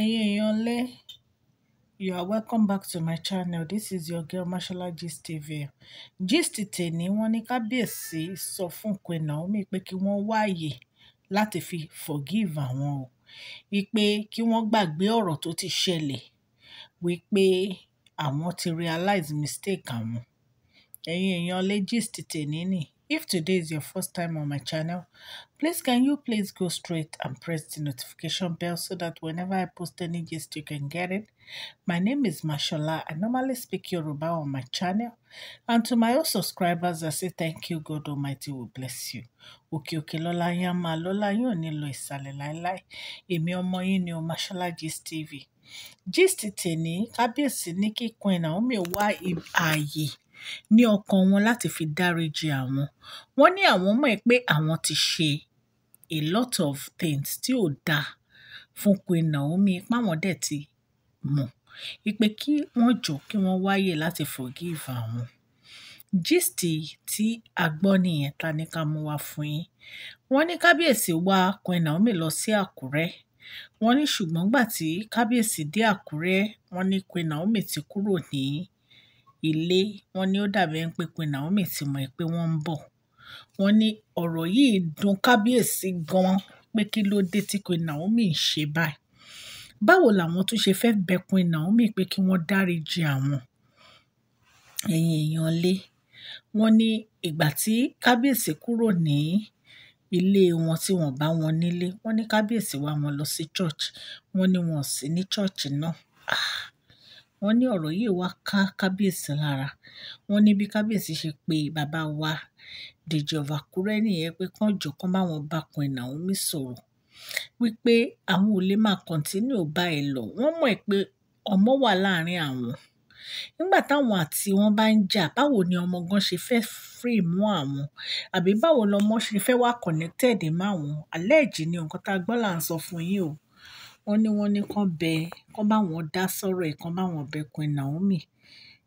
ẹ̀yin èèyànlé you are welcome back to my channel this is your girl Mashola Gist TV gist tèmi wọ́n ní kábíyèsí sọ fún Queen Naomi pé kí wọ́n wáyè láti fi forgive àwọn o wípé kí wọ́n gbàgbé ọ̀rọ̀ tó ti ṣẹlẹ̀ wípé àwọn ti realize mistake àwọn ẹ̀yin èèyànlé gist tèmi nìyí If today is your first time on my channel, please can you please go straight and press the notification bell so that whenever I post any gist you can get it. My name is Mashallah. I normally speak Yoruba on my channel. And to my old subscribers, I say thank you, God Almighty will bless you. Òkè òkè lọ́la yín lọ́la ní lọ ìsàlẹ̀ láéláé. Èmi ọmọ ni o Mashallah Gist TV. Gist tèmi kábíyèsí ní kíkún ẹ̀ Naomi wá ààyè ní ọkàn wọn láti fi dáríji àwọn. Wọ́n ní àwọn mọ̀ pé àwọn ti ṣe a lot of things tí ò da fún Queen Naomi páwọn dẹ̀ ti mọ̀. Ipe kí wọ́n jọ kí wọ́n wáyè láti forgive àwọn. Gist tí a gbọ́ nìyẹn ta ni ká mú wá fún yín. Wọ́n ní kábíyèsí wá Queen Naomi lọ sí Àkúrẹ́. Wọ́n ní ṣùgbọ́n gbà tí kábíyèsí dé Àkúrẹ́, wọ́n ní Queen Naomi ti kúrò ní ilé, wọ́n ní ó dàbí ẹni pé Queen Naomi ti mọ̀ pé wọ́n ń bọ̀. Wọ́n ní ọ̀rọ̀ yìí dùn kábíyèsí gan-an pé kí ló dé tí Queen Naomi ń ṣe báyìí. Báwo làwọn tún ṣe fẹ́ bẹ Naomi pé kí wọ́n dáríji àwọn ẹ̀yin èèyàn ilé. Wọ́n ní ìgbà tí kábíyèsí kúrò ní ilé wọn tí wọ́n bá wọn nílé, wọ́n ní kábíyèsí wá wọn lọ sí church, wọ́n ní wọn ò ní church náà. Ah! wọ́n ní ọ̀rọ̀ yìí wá ká kábíyèsí lára wọ́n ní bí kábíyèsí ṣe pé bàbá wa dèjì ọ̀và kúrẹ́ nìyẹn pé kán jọ kán báwọn bá Queen Naomi sọ̀rọ̀ wípé àwọn ò lè máa kọ̀ntínú báyìí lọ wọ́n mọ̀ pé ọmọ wà láàrin àwọn nígbà táwọn àti wọn bá ń jà báwo ni ọmọ gan ṣe fẹ́ free mọ́ àwọn àbí báwo lọmọ ṣe fẹ́ wà connected mọ́ àwọn àlẹ́ẹ̀jì ni nǹkan tá a gbọ́ là ń sọ fún yín o wọ́n ní wọ́n ní kán bẹ kán bá wọn dá sọ̀rọ̀ ẹ̀ kán bá wọn bẹ Queen Naomi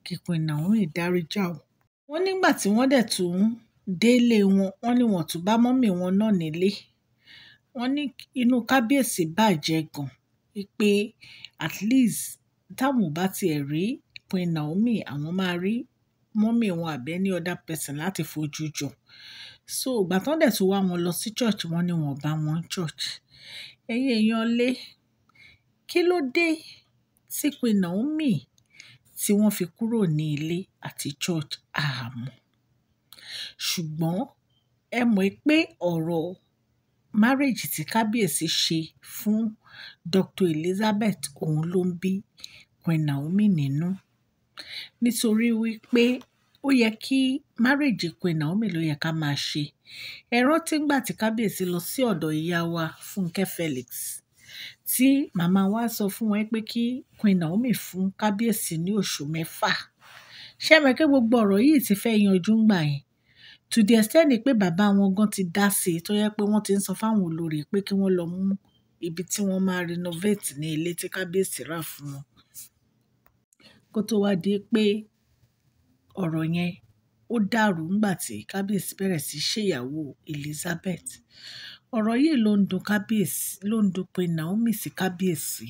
kí Queen Naomi dáríjà o. wọ́n nígbà tí wọ́n dẹ̀ tún délé wọn wọ́n ní wọ́n tún bá mọ́mì wọn náà nílé wọ́n ní inú kábíyèsí bàjẹ́ gan pé at least táwọn ò bá tiẹ̀ rí Queen Naomi àwọn máa rí mọ́mì wọn àbẹ́ ní other person láti fojú jọ so ìgbà tán dẹ̀ tún wá wọn lọ sí church wọ́n ní wọ́n bá wọn church ẹ̀yin èèyàn lé kí ló dé tí queen naomi tí wọ́n fi kúrò ní ilé àti church àmọ́ ṣùgbọ́n ẹ mọ̀ pé ọ̀rọ̀ márèjì tí kábíyèsí ṣe fún dr elizabeth òun ló ń bí queen naomi nínú nítorí wípé ó yẹ kí márèjì queen naomi ló yẹ ká máa ṣe ẹ rántí ngbà tí kábíyèsí lọ sí ọ̀dọ̀ ìyá wa fúnkẹ́ felix tí màmá wa sọ fún wọn pé kí Queen Naomi fún kábíyèsí ní oṣù mẹ́fà ṣé mọ̀ pé gbogbo ọ̀rọ̀ yìí ti fẹ́ yanjú ńgbà yẹn to the extent pé bàbá wọn gan ti dá sí i tó yẹ pé wọ́n ti ń sọ fáwọn olórí pé kí wọ́n lọ mú ibi tí wọ́n máa renovate ní ilé tí kábíyèsí rà fún wọn kó tó wá di pé ọ̀rọ̀ yẹn ó dàrú ńgbà tí kábíyèsí bẹ̀rẹ̀ sí ṣèyàwó Elizabeth ọ̀rọ̀ yìí ló ń dùn kábíyèsí ló ń dùn pé Naomi sí kábíyèsí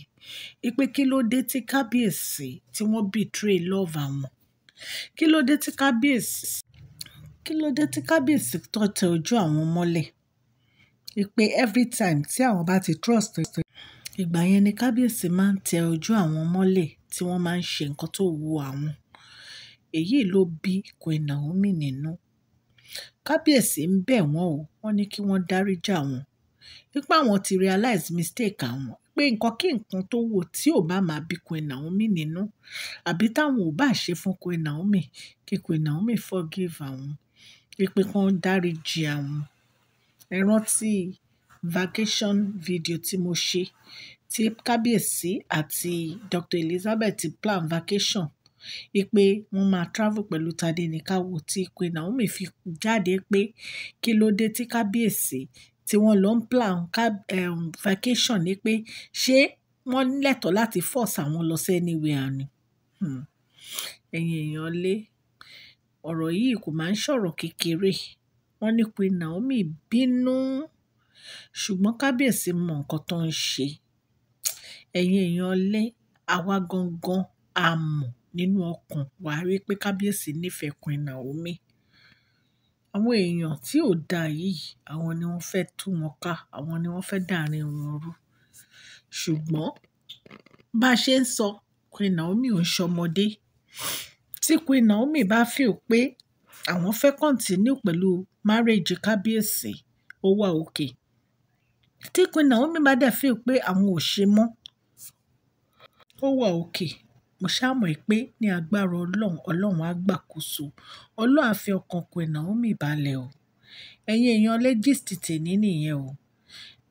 ìpè kí ló dé tí kábíyèsí tí wọ́n betray love àwọn kí ló dé tí kábíyèsí kí ló dé tí kábíyèsí tó tẹ ojú àwọn mọ́lẹ̀ ìpè every time tí àwọn bá ti trust ìgbà yẹn ni kábíyèsí máa ń tẹ ojú àwọn mọ́lẹ̀ tí wọ́n máa ń ṣe nǹkan tó wu àwọn èyí ló bí Queen Naomi nínú kábíyèsí ń bẹ̀ wọ́n o wọ́n ní kí wọ́n dáríjì àwọn wípé àwọn ti realize mistake àwọn pé nǹkan kí nǹkan tó wò tí ò bá máa bí Queen Naomi nínú àbí táwọn ò bá ṣe fún Queen Naomi kí Queen Naomi forgive àwọn wípé kán dáríjì àwọn ẹ rántí vacation video tí mo ṣe tí kábíyèsí àti Dr Elizabeth plan vacation pé wọ́n máa travel pẹ̀lú Tadenikawo tí Queen Naomi fi jáde pé kí ló dé tí kábíyèsí tí wọ́n lọ ń plan ehm, vacation ni pé ṣé wọ́n lẹ́tọ̀ọ́ láti force àwọn lọ sí anywhere ni. Hmm. ẹ̀yin èèyàn lé ọ̀rọ̀ yìí kò máa ń ṣọ̀rọ̀ kékeré wọ́n ní Queen Naomi bínú ṣùgbọ́n kábíyèsí mọ nǹkan tó ń ṣe ẹ̀yin èèyàn lé àwa gangan àmọ̀ nínú ọkàn, wà á rí pé kábíyèsí nífẹ̀ẹ́ Queen Naomi. Àwọn èèyàn tí ò da yìí, àwọn ni wọ́n fẹ́ tú wọn ká, àwọn ni wọ́n fẹ́ dàárín wọn rú. Ṣùgbọ́n bá ṣe ń sọ, Queen Naomi ò ń ṣọmọdé. Tí Queen Naomi bá feel pé àwọn fẹ́ continue pẹ̀lú marriage kábíyèsí, ó wà okay. Tí Queen Naomi bá dẹ̀ feel pé àwọn ò ṣe mọ́, ó wà okay. Mo sá mọ̀ pé ní agbára Ọlọ́run, Ọlọ́run á gbàkóso. Ọlọ́run á fi ọkàn Queen Naomi balẹ̀ o. Ẹ̀yin èèyàn ilé gist nìyẹn o.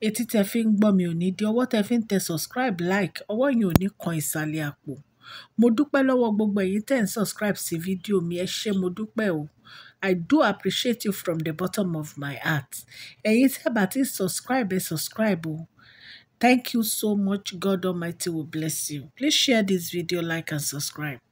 Etí tẹ fi ń gbọ́ mi ò ní di, ọwọ́ tẹ fi ń tẹ subscribe, like, ọwọ́ yẹn ò ní kan ìsàlẹ̀ àpò. Mo dúpẹ́ lọ́wọ́ gbogbo ẹ̀yin tẹ́ ń subscribe sí fídíò mi, ẹ ṣé mo dúpẹ́ o. I do appreciate you from the bottom of my heart. Ẹ̀yin tí bá ti subscribe, ẹ subscribe o. Thank you so much. God Almighty will bless you. Please share this video, like and subscribe.